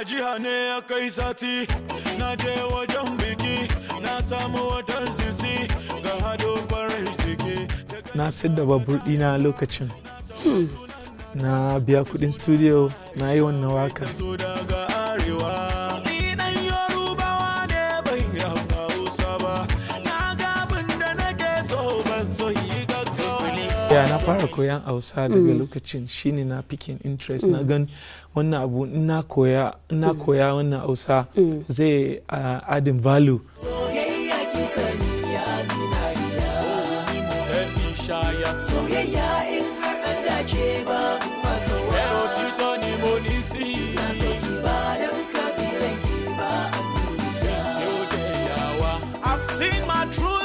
a jiha ne ya kai sati na je wajen biki na samu watan sisi ga hado farin jiki na da babur dina lokacin na biya kudin studio na yi wannan waka ya na fara koyan hausa daga mm. lokacin shine na picking interest na mm. gan wannan abu na mm. koya wannan hausa zai adin ah, value my truth.